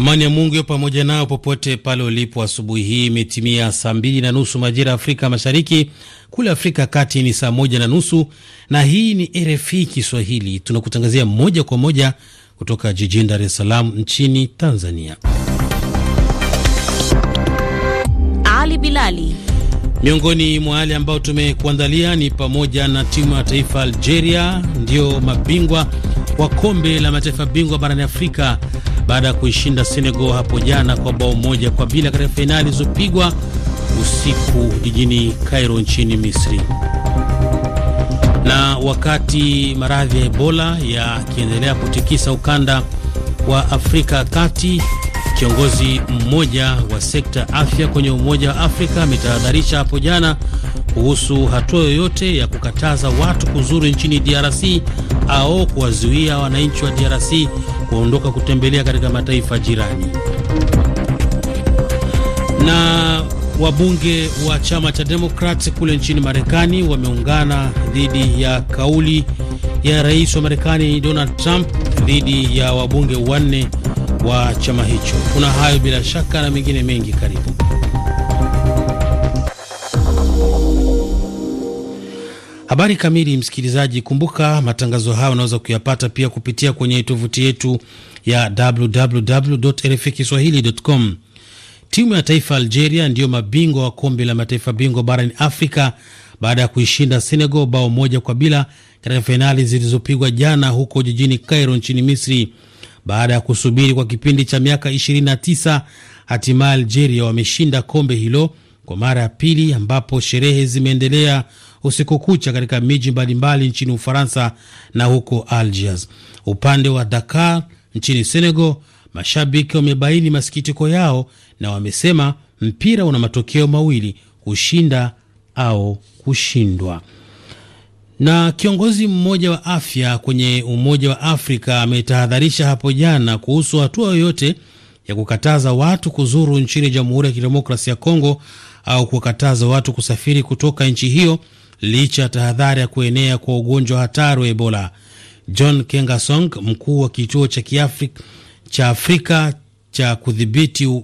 Amani ya Mungu hiyo pamoja nao popote pale ulipo. Asubuhi hii imetimia saa mbili na nusu majira ya Afrika Mashariki, kule Afrika Kati ni saa moja na nusu na hii ni RFI Kiswahili, tunakutangazia moja kwa moja kutoka jijini Dar es Salaam nchini Tanzania. Ali Bilali. Miongoni mwa hale ambao tumekuandalia ni pamoja na timu ya taifa Algeria, ndio mabingwa wa kombe la mataifa bingwa barani Afrika baada ya kuishinda Senegal hapo jana kwa bao moja kwa bila katika fainali ilizopigwa usiku jijini Cairo nchini Misri. Na wakati maradhi ya Ebola yakiendelea kutikisa ukanda wa Afrika Kati Kiongozi mmoja wa sekta afya kwenye Umoja wa Afrika ametahadharisha hapo jana kuhusu hatua yoyote ya kukataza watu kuzuru nchini DRC au kuwazuia wananchi wa DRC kuondoka kutembelea katika mataifa jirani. Na wabunge wa chama cha Demokrat kule nchini Marekani wameungana dhidi ya kauli ya rais wa Marekani Donald Trump dhidi ya wabunge wanne wa chama hicho. Kuna hayo bila shaka na mengine mengi, karibu. Habari kamili, msikilizaji. Kumbuka matangazo haya unaweza kuyapata pia kupitia kwenye tovuti yetu ya kiswahilicom Timu ya taifa Algeria ndiyo mabingwa wa kombe la mataifa bingwa barani Afrika baada ya kuishinda Senegal bao moja kwa bila katika fainali zilizopigwa jana huko jijini Cairo nchini Misri. Baada ya kusubiri kwa kipindi cha miaka 29, hatimaye Algeria wameshinda kombe hilo kwa mara ya pili, ambapo sherehe zimeendelea usiku kucha katika miji mbalimbali nchini Ufaransa na huko Algiers. Upande wa Dakar nchini Senegal, mashabiki wamebaini masikitiko yao na wamesema mpira una matokeo mawili, kushinda au kushindwa. Na kiongozi mmoja wa afya kwenye Umoja wa Afrika ametahadharisha hapo jana kuhusu hatua yoyote ya kukataza watu kuzuru nchini Jamhuri ya Kidemokrasia ya Kongo au kuwakataza watu kusafiri kutoka nchi hiyo licha ya tahadhari ya kuenea kwa ugonjwa hatari wa Ebola. John Kengasong, mkuu wa kituo cha kiafrika cha Afrika cha kudhibiti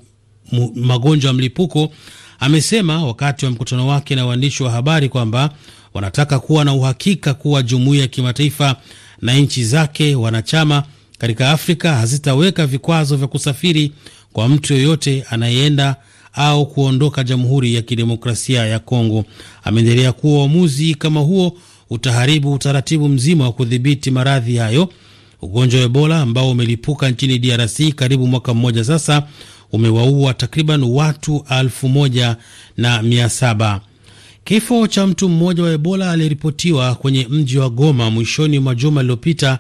magonjwa ya mlipuko, amesema wakati wa mkutano wake na waandishi wa habari kwamba wanataka kuwa na uhakika kuwa jumuiya ya kimataifa na nchi zake wanachama katika Afrika hazitaweka vikwazo vya kusafiri kwa mtu yoyote anayeenda au kuondoka Jamhuri ya Kidemokrasia ya Kongo. Ameendelea kuwa uamuzi kama huo utaharibu utaratibu mzima wa kudhibiti maradhi hayo. Ugonjwa wa Ebola ambao umelipuka nchini DRC karibu mwaka mmoja sasa umewaua takriban watu elfu moja na mia saba. Kifo cha mtu mmoja wa Ebola aliyeripotiwa kwenye mji wa Goma mwishoni mwa juma lililopita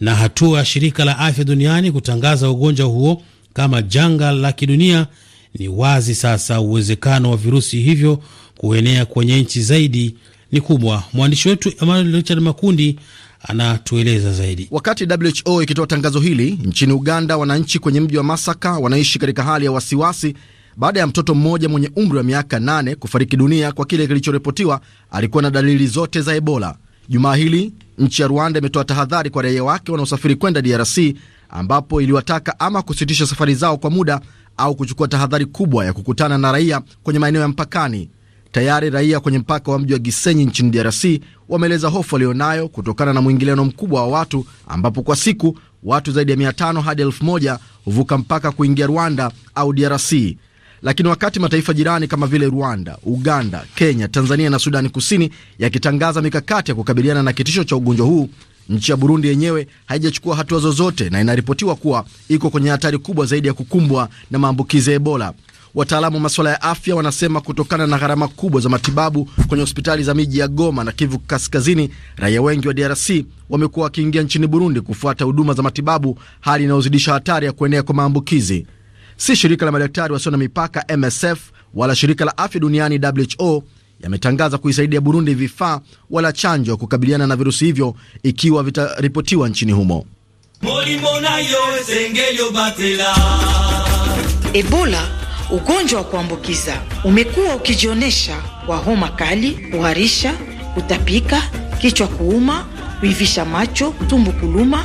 na hatua ya shirika la afya duniani kutangaza ugonjwa huo kama janga la kidunia, ni wazi sasa uwezekano wa virusi hivyo kuenea kwenye nchi zaidi ni kubwa. Mwandishi wetu Emmanuel Richard Makundi anatueleza zaidi. Wakati WHO ikitoa tangazo hili nchini Uganda, wananchi kwenye mji wa Masaka wanaishi katika hali ya wasiwasi baada ya mtoto mmoja mwenye umri wa miaka nane kufariki dunia kwa kile kilichoripotiwa alikuwa na dalili zote za Ebola. Jumaa hili nchi ya Rwanda imetoa tahadhari kwa raia wake wanaosafiri kwenda DRC, ambapo iliwataka ama kusitisha safari zao kwa muda au kuchukua tahadhari kubwa ya kukutana na raia kwenye maeneo ya mpakani. Tayari raia kwenye mpaka wa mji wa Gisenyi nchini DRC wameeleza hofu walionayo kutokana na mwingiliano mkubwa wa watu, ambapo kwa siku watu zaidi ya 500 hadi 1000 huvuka mpaka kuingia Rwanda au DRC. Lakini wakati mataifa jirani kama vile Rwanda, Uganda, Kenya, Tanzania na Sudani Kusini yakitangaza mikakati ya kukabiliana na kitisho cha ugonjwa huu, nchi ya Burundi yenyewe haijachukua hatua zozote na inaripotiwa kuwa iko kwenye hatari kubwa zaidi ya kukumbwa na maambukizi ya Ebola. Wataalamu wa masuala ya afya wanasema kutokana na gharama kubwa za matibabu kwenye hospitali za miji ya Goma na Kivu Kaskazini, raia wengi wa DRC wamekuwa wakiingia nchini Burundi kufuata huduma za matibabu, hali inayozidisha hatari ya kuenea kwa maambukizi. Si shirika la madaktari wasio na mipaka MSF wala shirika la afya duniani WHO yametangaza kuisaidia Burundi vifaa wala chanjo ya kukabiliana na virusi hivyo ikiwa vitaripotiwa nchini humo. Ebola, ugonjwa wa kuambukiza umekuwa ukijionyesha kwa homa kali, kuharisha, kutapika, kichwa kuuma, kuivisha macho, tumbo kuluma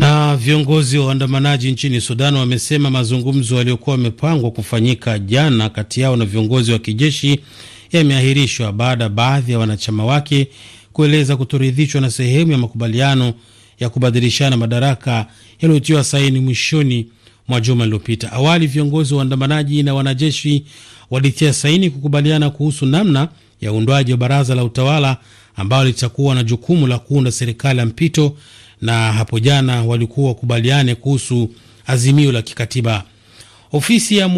Na viongozi wa waandamanaji nchini Sudan wamesema mazungumzo yaliyokuwa yamepangwa kufanyika jana kati yao na viongozi wa kijeshi yameahirishwa baada ya baadhi ya wanachama wake kueleza kutoridhishwa na sehemu ya makubaliano ya kubadilishana madaraka yaliyotiwa saini mwishoni mwa juma lililopita. Awali viongozi wa waandamanaji na wanajeshi walitia saini kukubaliana kuhusu namna ya uundwaji wa baraza la utawala ambalo litakuwa na jukumu la kuunda serikali ya mpito na hapo jana walikuwa wakubaliane kuhusu azimio la kikatiba. Ofisi ya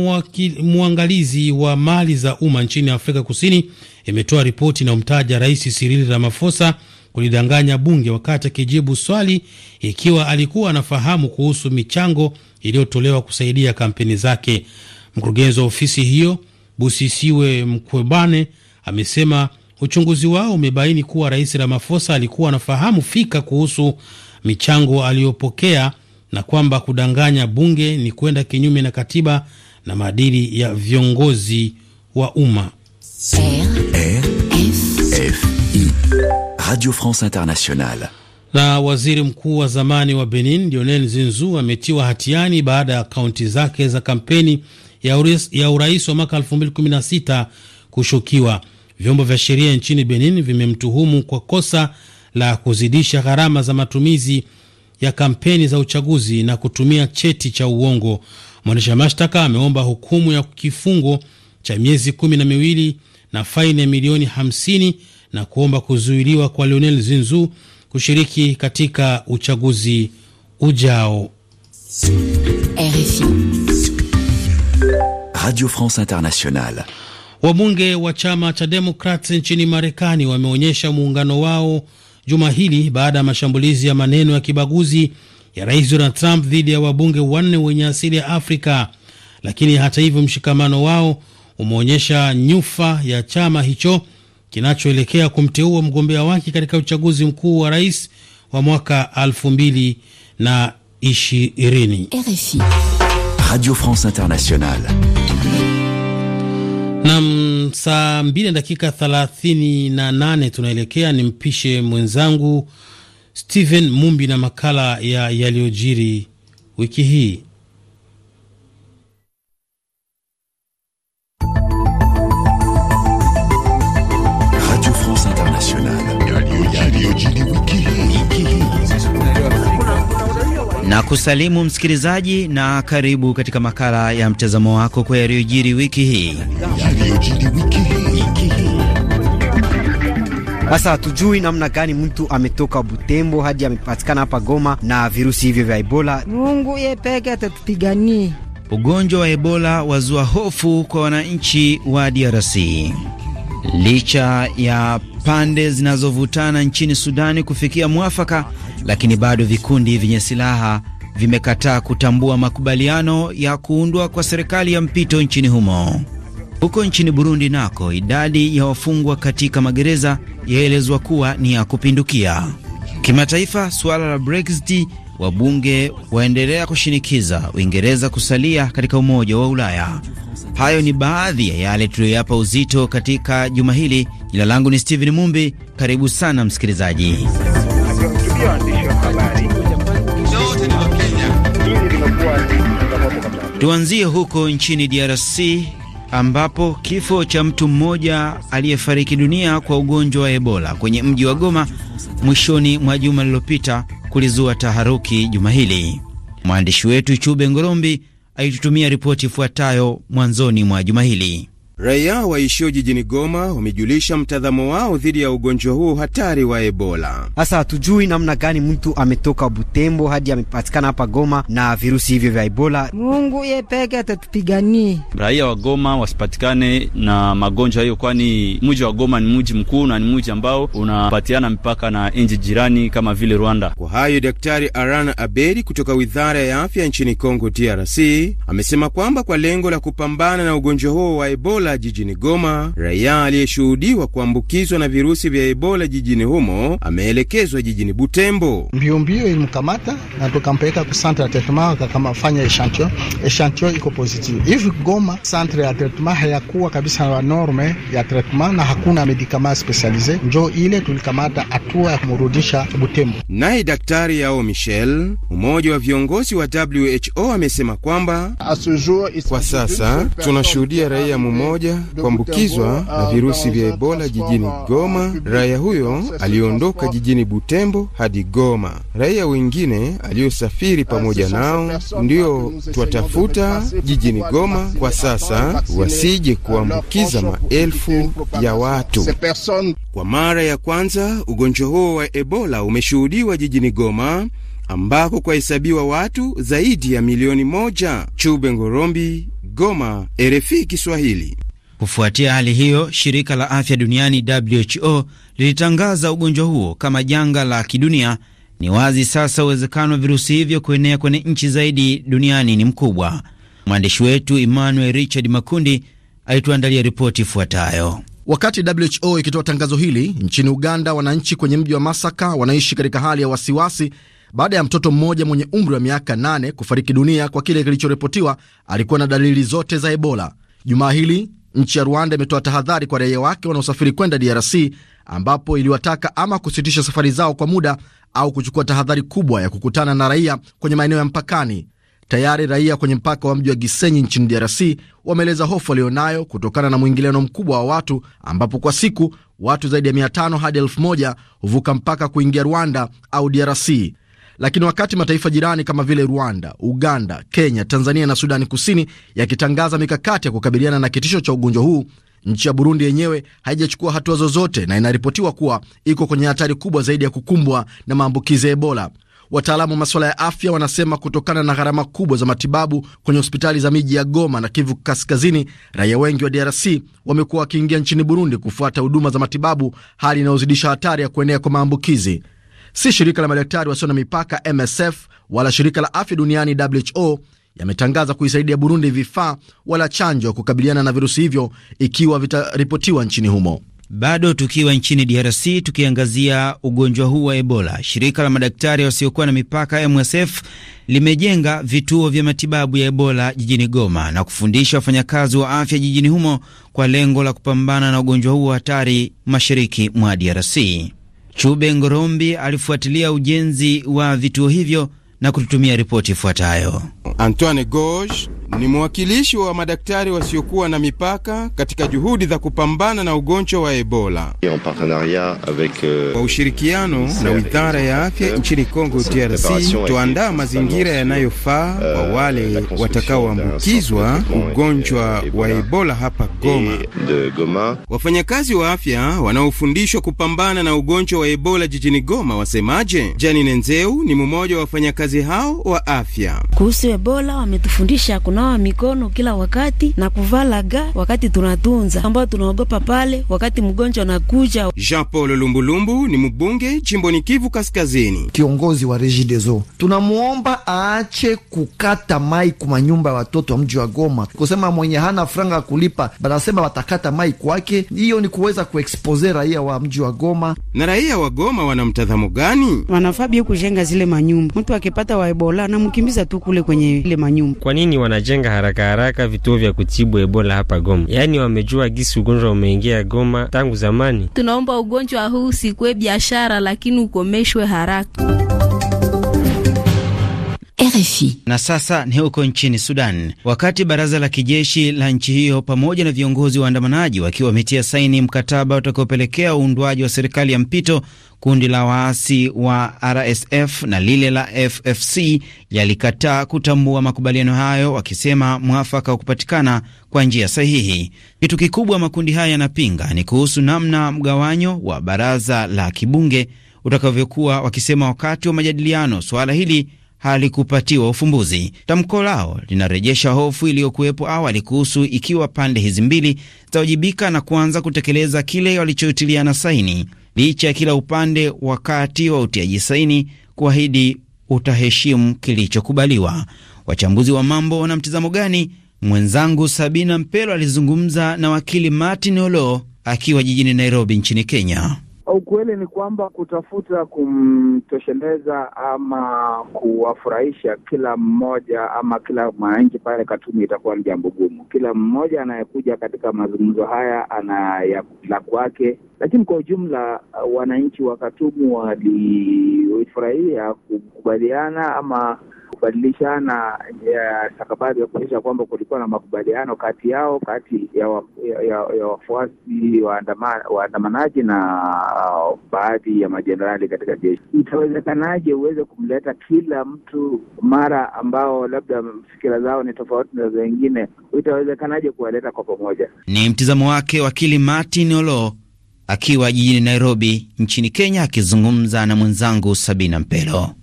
mwangalizi wa mali za umma nchini Afrika Kusini imetoa ripoti inayomtaja Rais Cyril Ramaphosa kulidanganya bunge wakati akijibu swali ikiwa alikuwa anafahamu kuhusu michango iliyotolewa kusaidia kampeni zake. Mkurugenzi wa ofisi hiyo Busisiwe Mkwebane amesema uchunguzi wao umebaini kuwa Rais Ramaphosa alikuwa anafahamu fika kuhusu michango aliyopokea na kwamba kudanganya bunge ni kwenda kinyume na katiba na maadili ya viongozi wa umma. Radio France Internationale. Na waziri mkuu wa zamani wa Benin Lionel Zinzu ametiwa hatiani baada ya akaunti zake za kampeni ya urais wa mwaka 2016 kushukiwa. Vyombo vya sheria nchini Benin vimemtuhumu kwa kosa la kuzidisha gharama za matumizi ya kampeni za uchaguzi na kutumia cheti cha uongo. Mwendesha mashtaka ameomba hukumu ya kifungo cha miezi kumi na miwili na faini ya milioni 50 na kuomba kuzuiliwa kwa Lionel Zinzu kushiriki katika uchaguzi ujao. RFI Radio France Internationale. Wabunge wa chama cha Demokrat nchini Marekani wameonyesha muungano wao juma hili baada ya mashambulizi ya maneno ya kibaguzi ya Rais Donald Trump dhidi ya wabunge wanne wenye asili ya Afrika, lakini hata hivyo mshikamano wao umeonyesha nyufa ya chama hicho kinachoelekea kumteua mgombea wake katika uchaguzi mkuu wa rais wa mwaka 2020. Radio France Internationale Nam, saa mbili na dakika thelathini na nane tunaelekea ni mpishe mwenzangu Stephen Mumbi na makala ya yaliyojiri wiki hii. na kusalimu msikilizaji, na karibu katika makala ya mtazamo wako kwa yaliyojiri wiki hii. Sasa hatujui namna gani mtu ametoka Butembo hadi amepatikana hapa Goma na virusi hivyo vya Ebola. Mungu yeye peke atatupigania. Ugonjwa wa Ebola wazua hofu kwa wananchi wa DRC licha ya pande zinazovutana nchini Sudani kufikia mwafaka, lakini bado vikundi vyenye silaha vimekataa kutambua makubaliano ya kuundwa kwa serikali ya mpito nchini humo. Huko nchini Burundi nako idadi ya wafungwa katika magereza yaelezwa kuwa ni ya kupindukia. Kimataifa, suala la Brexit wabunge waendelea kushinikiza Uingereza kusalia katika Umoja wa Ulaya. Hayo ni baadhi ya yale tuliyoyapa uzito katika juma hili. Jina langu ni Steven Mumbi, karibu sana msikilizaji. Tuanzie huko nchini DRC ambapo kifo cha mtu mmoja aliyefariki dunia kwa ugonjwa wa Ebola kwenye mji wa Goma mwishoni mwa juma lililopita kulizua taharuki juma hili. Mwandishi wetu Chube Ngorombi alitutumia ripoti ifuatayo mwanzoni mwa juma hili. Raia waishio jijini Goma wamejulisha mtazamo wao dhidi ya ugonjwa huo hatari wa Ebola. Sasa hatujui namna gani mtu ametoka Butembo hadi amepatikana hapa Goma na virusi hivyo vya Ebola. Mungu ye peke atatupiganie Raia wa Goma wasipatikane na magonjwa hiyo, kwani mji wa Goma ni mji mkuu na ni mji ambao unapatiana mipaka na nchi jirani kama vile Rwanda. Kwa hayo, Daktari Aran Aberi kutoka Wizara ya Afya nchini congo DRC amesema kwamba kwa lengo la kupambana na ugonjwa huo wa Ebola Ebola jijini Goma, raia aliyeshuhudiwa kuambukizwa na virusi vya Ebola jijini humo ameelekezwa jijini Butembo. Mbiombio ilimkamata na tukampeleka ku centre ya treatment, akakamafanya echantio, echantio iko positive hivi. Goma centre ya treatment hayakuwa kabisa na norme ya treatment na hakuna medikama specialize, njo ile tulikamata hatua ya kumrudisha Butembo. Naye daktari Yao Michel, mmoja wa viongozi wa WHO, amesema kwamba kwa sasa tunashuhudia raia mumo mmoja kuambukizwa na virusi vya Ebola jijini Goma. Raia huyo aliondoka jijini Butembo hadi Goma. Raia wengine aliosafiri pamoja nao ndio twatafuta jijini Goma kwa sasa, wasije kuambukiza maelfu ya watu. Kwa mara ya kwanza ugonjwa huo wa Ebola umeshuhudiwa jijini Goma ambako kwahesabiwa watu zaidi ya milioni moja. Chube Ngorombi, Goma, RFI Kiswahili. Kufuatia hali hiyo, shirika la afya duniani WHO lilitangaza ugonjwa huo kama janga la kidunia. Ni wazi sasa uwezekano wa virusi hivyo kuenea kwenye nchi zaidi duniani ni mkubwa. Mwandishi wetu Emmanuel Richard Makundi alituandalia ripoti ifuatayo. Wakati WHO ikitoa tangazo hili nchini Uganda, wananchi kwenye mji wa Masaka wanaishi katika hali ya wasiwasi baada ya mtoto mmoja mwenye umri wa miaka nane kufariki dunia kwa kile kilichoripotiwa alikuwa na dalili zote za Ebola. Jumaa hili nchi ya Rwanda imetoa tahadhari kwa raia wake wanaosafiri kwenda DRC, ambapo iliwataka ama kusitisha safari zao kwa muda au kuchukua tahadhari kubwa ya kukutana na raia kwenye maeneo ya mpakani. Tayari raia kwenye mpaka wa mji wa Gisenyi nchini DRC wameeleza hofu walionayo kutokana na mwingiliano mkubwa wa watu, ambapo kwa siku watu zaidi ya 500 hadi 1000 huvuka mpaka kuingia Rwanda au DRC. Lakini wakati mataifa jirani kama vile Rwanda, Uganda, Kenya, Tanzania na Sudani Kusini yakitangaza mikakati ya kukabiliana na kitisho cha ugonjwa huu, nchi ya Burundi yenyewe haijachukua hatua zozote na inaripotiwa kuwa iko kwenye hatari kubwa zaidi ya kukumbwa na maambukizi ya Ebola. Wataalamu wa masuala ya afya wanasema kutokana na gharama kubwa za matibabu kwenye hospitali za miji ya Goma na Kivu Kaskazini, raia wengi wa DRC wamekuwa wakiingia nchini Burundi kufuata huduma za matibabu, hali inayozidisha hatari ya kuenea kwa maambukizi. Si shirika la madaktari wasio na mipaka MSF wala shirika la afya duniani WHO yametangaza kuisaidia Burundi vifaa wala chanjo kukabiliana na virusi hivyo ikiwa vitaripotiwa nchini humo. Bado tukiwa nchini DRC, tukiangazia ugonjwa huu wa Ebola, shirika la madaktari wasiokuwa na mipaka MSF limejenga vituo vya matibabu ya Ebola jijini Goma na kufundisha wafanyakazi wa afya jijini humo kwa lengo la kupambana na ugonjwa huu wa hatari mashariki mwa DRC. Chube Ngorombi alifuatilia ujenzi wa vituo hivyo na kututumia ripoti ifuatayo. Antoine Gauche ni mwakilishi wa madaktari wasiokuwa na mipaka katika juhudi za kupambana na ugonjwa wa Ebola euh, kwa ushirikiano na wizara ya afya euh, nchini Kongo DRC. Tuandaa mazingira yanayofaa kwa euh, wale watakaoambukizwa ugonjwa wa Ebola hapa Goma. Wafanyakazi wa afya wanaofundishwa kupambana na ugonjwa wa Ebola jijini Goma wasemaje? Jani Nenzeu ni mmoja wa wafanyakazi hao wa afya kuhusu Ebola wametufundisha kunawa mikono kila wakati na kuvala ga wakati tunatunza, ambao tunaogopa pale wakati mgonjwa anakuja. Jean Paul Lumbulumbu ni mbunge jimboni Kivu Kaskazini, kiongozi wa Regideso. Tunamwomba aache kukata mai kuma manyumba ya watoto wa mji wa Goma, kusema mwenye hana franga kulipa, banasema watakata mai kwake. Hiyo ni kuweza kuexpose raia wa mji wa Goma. Na raia wa Goma wana mtazamo gani? Wanafaa bie kujenga zile manyumba, mtu akipata wa Ebola namkimbiza tu kule kwenye kwenye ile manyumba. Kwa nini wanajenga haraka haraka vituo vya kutibu Ebola hapa Goma? Yaani wamejua gisi ugonjwa umeingia Goma tangu zamani. Tunaomba ugonjwa huu usikuwe biashara, lakini ukomeshwe haraka. RFI. Na sasa ni huko nchini Sudan, wakati baraza la kijeshi la nchi hiyo pamoja na viongozi waandamanaji wakiwa wametia saini mkataba utakaopelekea uundwaji wa serikali ya mpito kundi la waasi wa RSF na lile la FFC yalikataa kutambua makubaliano hayo, wakisema mwafaka wa kupatikana kwa njia sahihi. Kitu kikubwa makundi haya yanapinga ni kuhusu namna mgawanyo wa baraza la kibunge utakavyokuwa, wakisema wakati wa majadiliano suala hili halikupatiwa ufumbuzi. Tamko lao linarejesha hofu iliyokuwepo awali kuhusu ikiwa pande hizi mbili zitawajibika na kuanza kutekeleza kile walichotiliana saini licha ya kila upande wakati wa utiaji saini kuahidi utaheshimu kilichokubaliwa. Wachambuzi wa mambo wana mtizamo gani? Mwenzangu Sabina Mpelo alizungumza na wakili Martin Olo akiwa jijini Nairobi nchini Kenya. Ukweli ni kwamba kutafuta kumtosheleza ama kuwafurahisha kila mmoja ama kila mwananchi pale Katumu itakuwa ni jambo gumu. Kila mmoja anayekuja katika mazungumzo haya ana ya la kwake lakini kwa ujumla uh, wananchi wa Katumu walifurahia kukubaliana ama kubadilishana stakabadhi ya kuonyesha kwamba kulikuwa na makubaliano kati yao kati ya, wa, ya, ya, ya wafuasi waandamanaji wa na uh, baadhi ya majenerali katika jeshi. Itawezekanaje uweze kumleta kila mtu mara ambao labda fikira zao ni tofauti na zengine Itawezekanaje kuwaleta kwa pamoja? Ni mtizamo wake wakili Martin Olo akiwa jijini Nairobi nchini Kenya, akizungumza na mwenzangu Sabina Mpelo.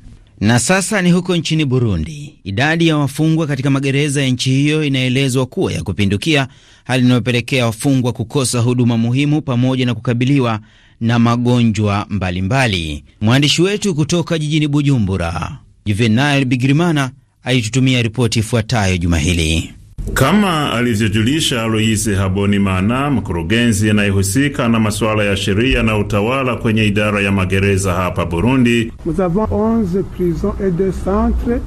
Na sasa ni huko nchini Burundi. Idadi ya wafungwa katika magereza ya nchi hiyo inaelezwa kuwa ya kupindukia, hali inayopelekea wafungwa kukosa huduma muhimu pamoja na kukabiliwa na magonjwa mbalimbali. Mwandishi wetu kutoka jijini Bujumbura, Juvenal Bigirimana, alitutumia ripoti ifuatayo juma hili. Kama alivyojulisha Aloise Habonimana, mkurugenzi anayehusika na masuala ya sheria na utawala kwenye idara ya magereza hapa Burundi,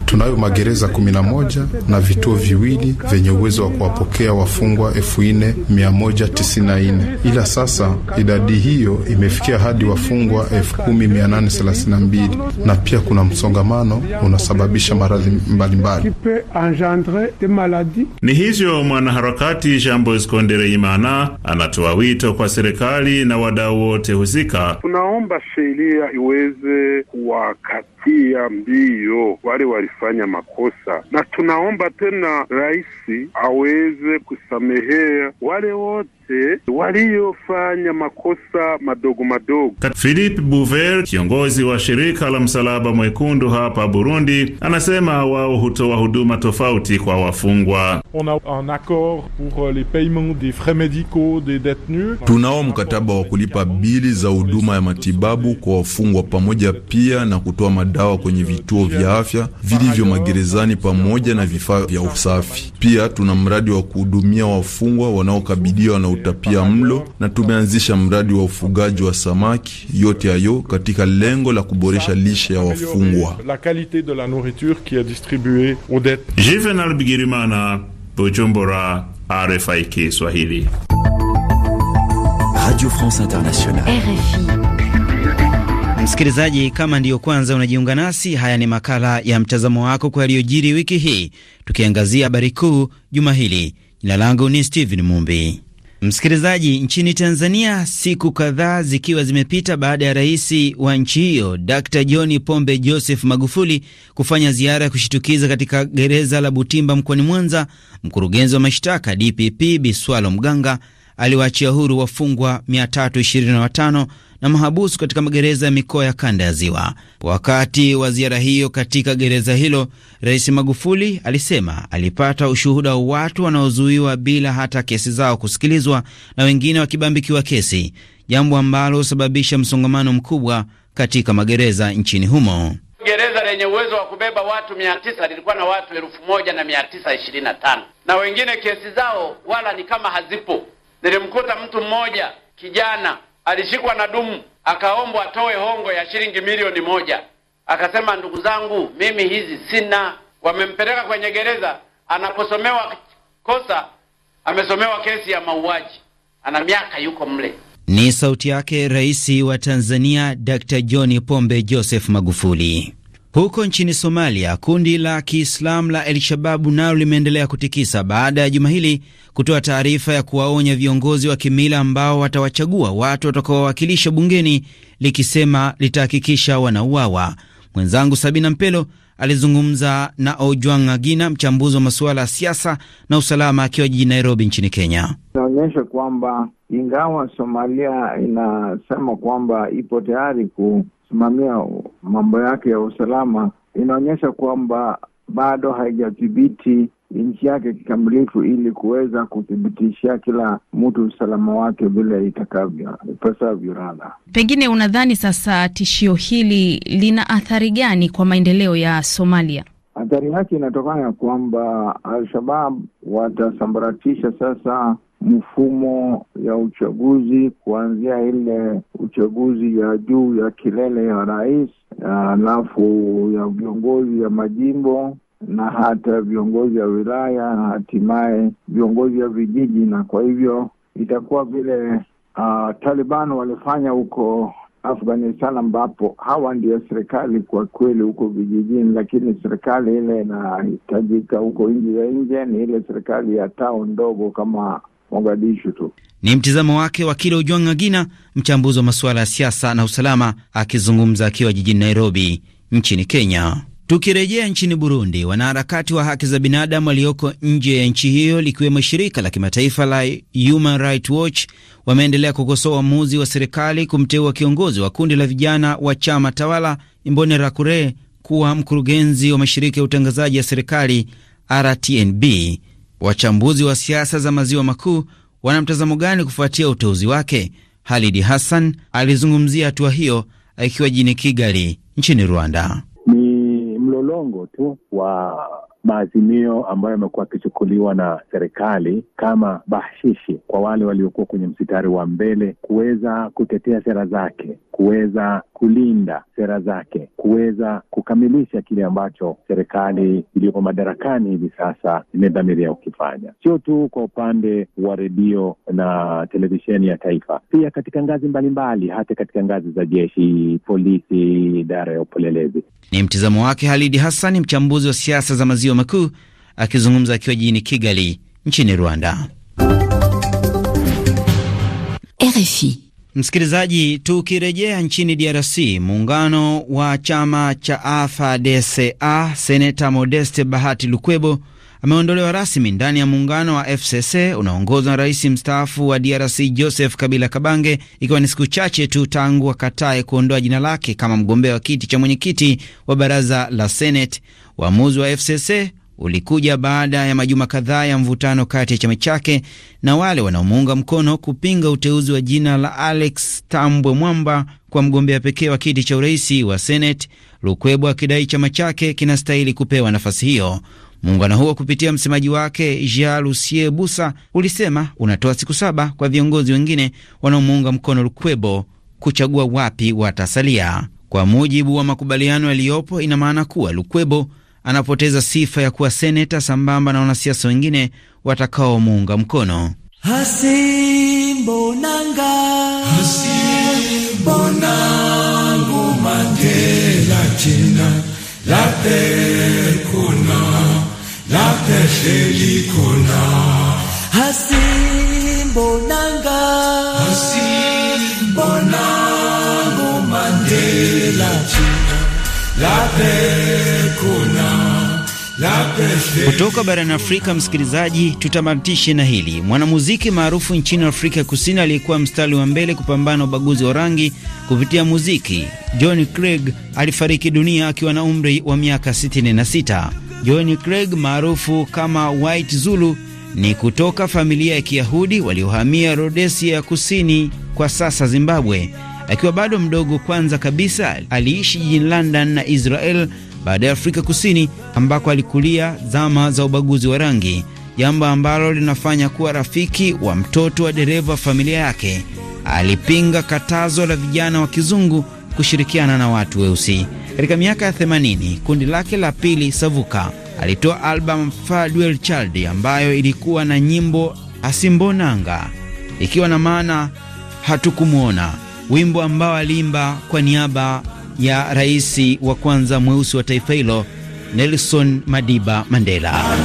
tunayo magereza 11 na vituo viwili vyenye uwezo wa kuwapokea wafungwa 4194 ila sasa idadi hiyo imefikia hadi wafungwa 10832 na pia kuna msongamano unasababisha maradhi mbalimbali hivyo, mwanaharakati Jean Bosco Ndereimana anatoa wito kwa serikali na wadau wote husika. Tunaomba sheria iweze kuwakata kuwafikia mbio wale walifanya makosa, na tunaomba tena rais aweze kusamehea wale wote waliofanya makosa madogo madogo. Philip Bouver, kiongozi wa shirika la Msalaba Mwekundu hapa Burundi, anasema wao hutoa huduma tofauti kwa wafungwa. Euh, Tunao mkataba wa kulipa bili za huduma ya matibabu kwa wafungwa pamoja pia na kutoa dawa kwenye vituo vya afya vilivyo magerezani pamoja na vifaa vya usafi. Pia tuna mradi wa kuhudumia wafungwa wanaokabiliwa na utapia mlo na tumeanzisha mradi wa ufugaji wa samaki. Yote hayo katika lengo la kuboresha lishe ya wafungwa. Juvenal Bigirimana, Bujumbura, RFI Kiswahili, Radio France Internationale. RFI. Msikilizaji, kama ndiyo kwanza unajiunga nasi, haya ni makala ya mtazamo wako kwa yaliyojiri wiki hii, tukiangazia habari kuu juma hili. Jina langu ni Steven Mumbi. Msikilizaji, nchini Tanzania, siku kadhaa zikiwa zimepita baada ya rais wa nchi hiyo d John Pombe Joseph Magufuli kufanya ziara ya kushitukiza katika gereza la Butimba mkoani Mwanza, mkurugenzi wa mashtaka DPP Biswalo Mganga aliwaachia huru wafungwa 325 na mahabusu katika magereza ya mikoa ya kanda ya Ziwa. Wakati wa ziara hiyo katika gereza hilo, Rais Magufuli alisema alipata ushuhuda wa watu wanaozuiwa bila hata kesi zao kusikilizwa na wengine wakibambikiwa kesi, jambo ambalo husababisha msongamano mkubwa katika magereza nchini humo. Gereza lenye uwezo wa kubeba watu mia tisa lilikuwa na watu elfu moja na mia tisa ishirini na tano na wengine kesi zao wala ni kama hazipo. Nilimkuta mtu mmoja kijana alishikwa na dumu, akaombwa atoe hongo ya shilingi milioni moja. Akasema, ndugu zangu, mimi hizi sina. Wamempeleka kwenye gereza, anaposomewa kosa amesomewa kesi ya mauaji, ana miaka yuko mle. Ni sauti yake Rais wa Tanzania Dr. John Pombe Joseph Magufuli. Huko nchini Somalia, kundi la Kiislamu la elshababu Shababu nalo limeendelea kutikisa baada ya juma hili kutoa taarifa ya kuwaonya viongozi wa kimila ambao watawachagua watu watakaowawakilisha bungeni, likisema litahakikisha wanauawa. Mwenzangu Sabina Mpelo alizungumza na Ojwang Agina, mchambuzi wa masuala ya siasa na usalama, akiwa jijini Nairobi nchini Kenya. Inaonyesha kwamba ingawa Somalia inasema kwamba ipo tayari kusimamia mambo yake ya usalama, inaonyesha kwamba bado haijadhibiti nchi yake kikamilifu ili kuweza kuthibitishia kila mtu usalama wake vile itakavyo ipasavyo. Radha, pengine unadhani sasa tishio hili lina athari gani kwa maendeleo ya Somalia? Athari yake inatokana ya kwamba Al-Shabab watasambaratisha sasa mfumo ya uchaguzi kuanzia ile uchaguzi ya juu ya kilele ya rais, halafu ya viongozi ya majimbo na hata viongozi ya wilaya na hatimaye viongozi ya vijiji. Na kwa hivyo itakuwa vile uh, Taliban walifanya huko Afghanistan, ambapo hawa ndio serikali kwa kweli huko vijijini, lakini serikali ile inahitajika huko nji ya nje ni ile serikali ya tao ndogo kama Mogadishu tu. Ni mtizamo wake wakili Ojwang' Agina, mchambuzi wa masuala ya siasa na usalama, akizungumza akiwa jijini Nairobi nchini Kenya. Tukirejea nchini Burundi, wanaharakati wa haki za binadamu walioko nje ya nchi hiyo likiwemo shirika la kimataifa la Human Rights Watch wameendelea kukosoa uamuzi wa, wa serikali kumteua kiongozi wa kundi la vijana wa chama tawala Imbonerakure kuwa mkurugenzi wa mashirika ya utangazaji ya serikali RTNB. Wachambuzi wa siasa za maziwa makuu wana mtazamo gani kufuatia uteuzi wake? Halidi Hassan alizungumzia hatua hiyo akiwa jijini Kigali nchini Rwanda. Ni mlolongo tu wa maazimio ambayo yamekuwa akichukuliwa na serikali kama bashishi kwa wale waliokuwa kwenye msitari wa mbele kuweza kutetea sera zake, kuweza kulinda sera zake, kuweza kukamilisha kile ambacho serikali iliyopo madarakani hivi sasa imedhamiria kukifanya, sio tu kwa upande wa redio na televisheni ya taifa, pia katika ngazi mbalimbali, hata katika ngazi za jeshi, polisi, idara ya upelelezi. Ni mtizamo wake Halidi Hassan, mchambuzi wa siasa za maziwa maziwa makuu akizungumza akiwa jijini Kigali nchini Rwanda. RFI. Msikilizaji, tukirejea nchini DRC, muungano wa chama cha AFDCA seneta Modeste Bahati Lukwebo ameondolewa rasmi ndani ya muungano wa FCC unaongozwa na rais mstaafu wa DRC Joseph Kabila Kabange, ikiwa ni siku chache tu tangu akatae kuondoa jina lake kama mgombea wa kiti cha mwenyekiti wa baraza la Senate. Uamuzi wa FCC ulikuja baada ya majuma kadhaa ya mvutano kati ya chama chake na wale wanaomuunga mkono kupinga uteuzi wa jina la Alex Tambwe Mwamba kwa mgombea pekee wa kiti cha uraisi wa Senate, Lukwebo akidai chama chake kinastahili kupewa nafasi hiyo. Muungano huo kupitia msemaji wake Jean Lucie Busa ulisema unatoa siku saba kwa viongozi wengine wanaomuunga mkono Lukwebo kuchagua wapi watasalia. Kwa mujibu wa makubaliano yaliyopo, ina maana kuwa Lukwebo anapoteza sifa ya kuwa seneta sambamba na wanasiasa wengine watakaomuunga mkono. Hasimbonanga, hasimbonangu Mandela china mandela kutoka barani Afrika, msikilizaji, tutamatishe na hili. Mwanamuziki maarufu nchini Afrika Kusini aliyekuwa mstari wa mbele kupambana ubaguzi wa rangi kupitia muziki, John Craig alifariki dunia akiwa na umri wa miaka 66. John Craig maarufu kama White Zulu ni kutoka familia ya Kiyahudi waliohamia Rhodesia Kusini, kwa sasa Zimbabwe. Akiwa bado mdogo, kwanza kabisa aliishi jijini London na Israel, baada ya Afrika Kusini ambako alikulia zama za ubaguzi wa rangi, jambo ambalo linafanya kuwa rafiki wa mtoto wa dereva wa familia yake. Alipinga katazo la vijana wa kizungu kushirikiana na watu weusi. Katika miaka ya 80 kundi lake la pili Savuka alitoa albamu Farewell Child ambayo ilikuwa na nyimbo Asimbonanga, ikiwa na maana hatukumwona, wimbo ambao aliimba kwa niaba ya rais wa kwanza mweusi wa taifa hilo Nelson Madiba Mandela.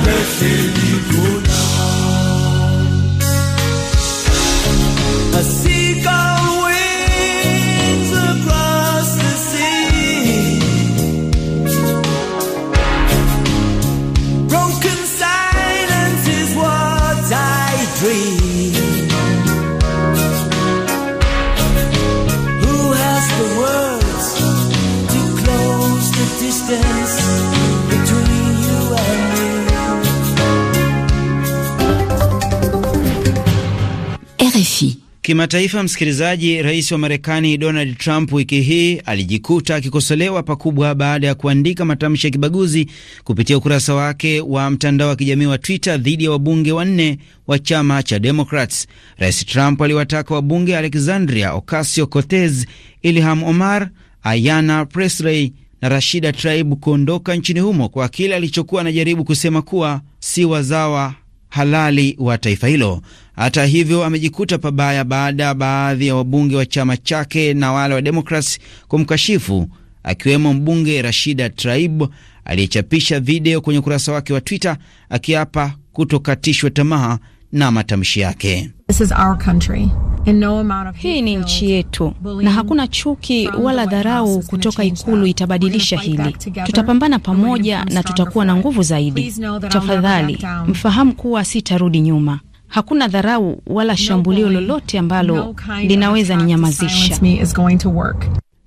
Kimataifa, msikilizaji, rais wa Marekani Donald Trump wiki hii alijikuta akikosolewa pakubwa baada ya kuandika matamshi ya kibaguzi kupitia ukurasa wake wa mtandao wa kijamii wa Twitter dhidi ya wabunge wanne wa chama cha Democrats. Rais Trump aliwataka wabunge Alexandria Ocasio Cortez, Ilham Omar, Ayanna Presley na Rashida Tlaib kuondoka nchini humo kwa kile alichokuwa anajaribu kusema kuwa si wazawa halali wa taifa hilo. Hata hivyo, amejikuta pabaya baada ya baadhi ya wabunge wa chama chake na wale wa Demokrasi kumkashifu akiwemo mbunge Rashida Traib aliyechapisha video kwenye ukurasa wake wa Twitter akiapa kutokatishwa tamaa na matamshi yake. This is our country. No hii ni nchi yetu, na hakuna chuki wala dharau kutoka Ikulu itabadilisha hili. Tutapambana pamoja na tutakuwa na nguvu zaidi. Tafadhali mfahamu kuwa sitarudi nyuma. Hakuna dharau wala shambulio lolote ambalo linaweza ninyamazisha.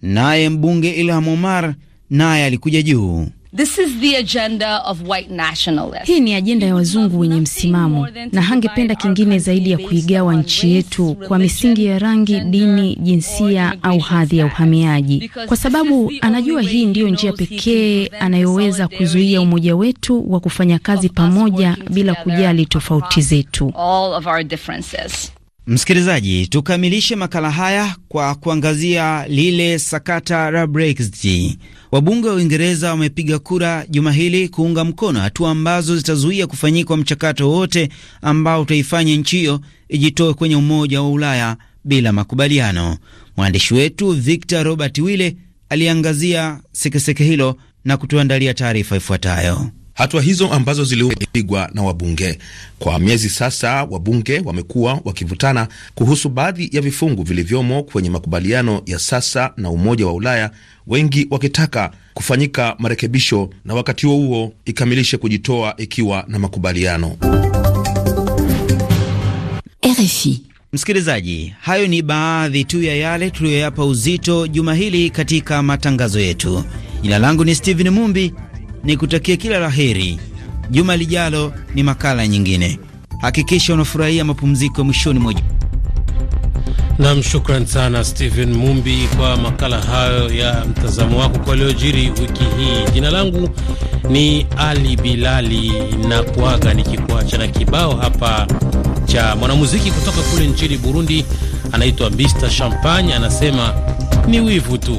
Naye mbunge Ilham Omar naye alikuja juu This is the agenda of white nationalists. Hii ni ajenda ya wazungu wenye msimamo, na hangependa kingine zaidi ya kuigawa nchi yetu kwa misingi ya rangi, dini, jinsia au hadhi ya uhamiaji, kwa sababu anajua hii ndiyo njia pekee anayoweza kuzuia umoja wetu wa kufanya kazi pamoja bila kujali tofauti zetu. Msikilizaji, tukamilishe makala haya kwa kuangazia lile sakata la Brexit. Wabunge wa Uingereza wamepiga kura juma hili kuunga mkono hatua ambazo zitazuia kufanyikwa mchakato wote ambao utaifanya nchi hiyo ijitoe kwenye Umoja wa Ulaya bila makubaliano. Mwandishi wetu Victor Robert Wille aliangazia sekeseke hilo na kutuandalia taarifa ifuatayo. Hatua hizo ambazo zilipigwa na wabunge kwa miezi sasa, wabunge wamekuwa wakivutana kuhusu baadhi ya vifungu vilivyomo kwenye makubaliano ya sasa na Umoja wa Ulaya, wengi wakitaka kufanyika marekebisho na wakati huo huo ikamilishe kujitoa ikiwa na makubaliano. RFI. Msikilizaji, hayo ni baadhi tu ya yale tuliyoyapa uzito juma hili katika matangazo yetu. Jina langu ni Steven Mumbi ni kutakia kila la heri. Juma lijalo ni makala nyingine. Hakikisha unafurahia mapumziko mwishoni mwa Nam, shukran sana Stephen Mumbi kwa makala hayo ya mtazamo wako kwa yaliyojiri wiki hii. Jina langu ni Ali Bilali na kuaga nikikuacha na kibao hapa cha mwanamuziki kutoka kule nchini Burundi, anaitwa Mr Champagne, anasema ni wivu tu.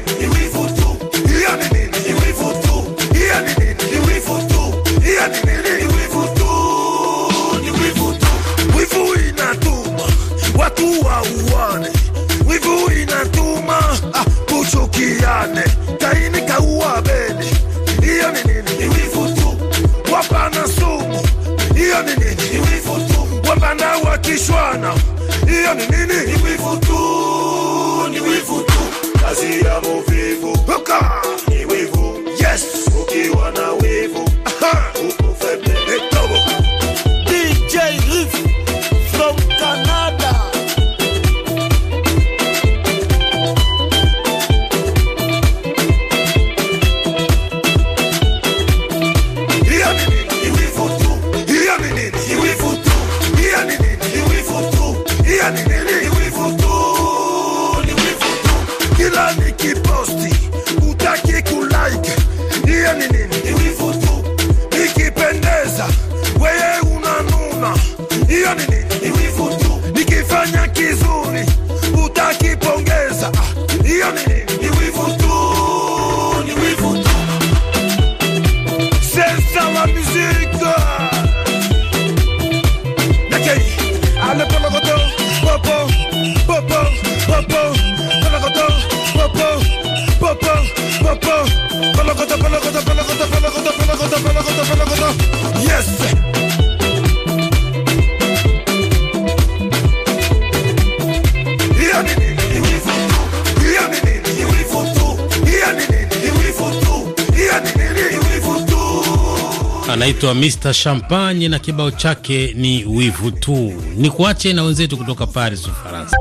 hiyo ni nini? Ni wivu tu, ni wivu tu, kazi ya muvivu anaitwa Mr Champagne na kibao chake ni wivu tu. Ni kuache na wenzetu kutoka Paris, Ufaransa.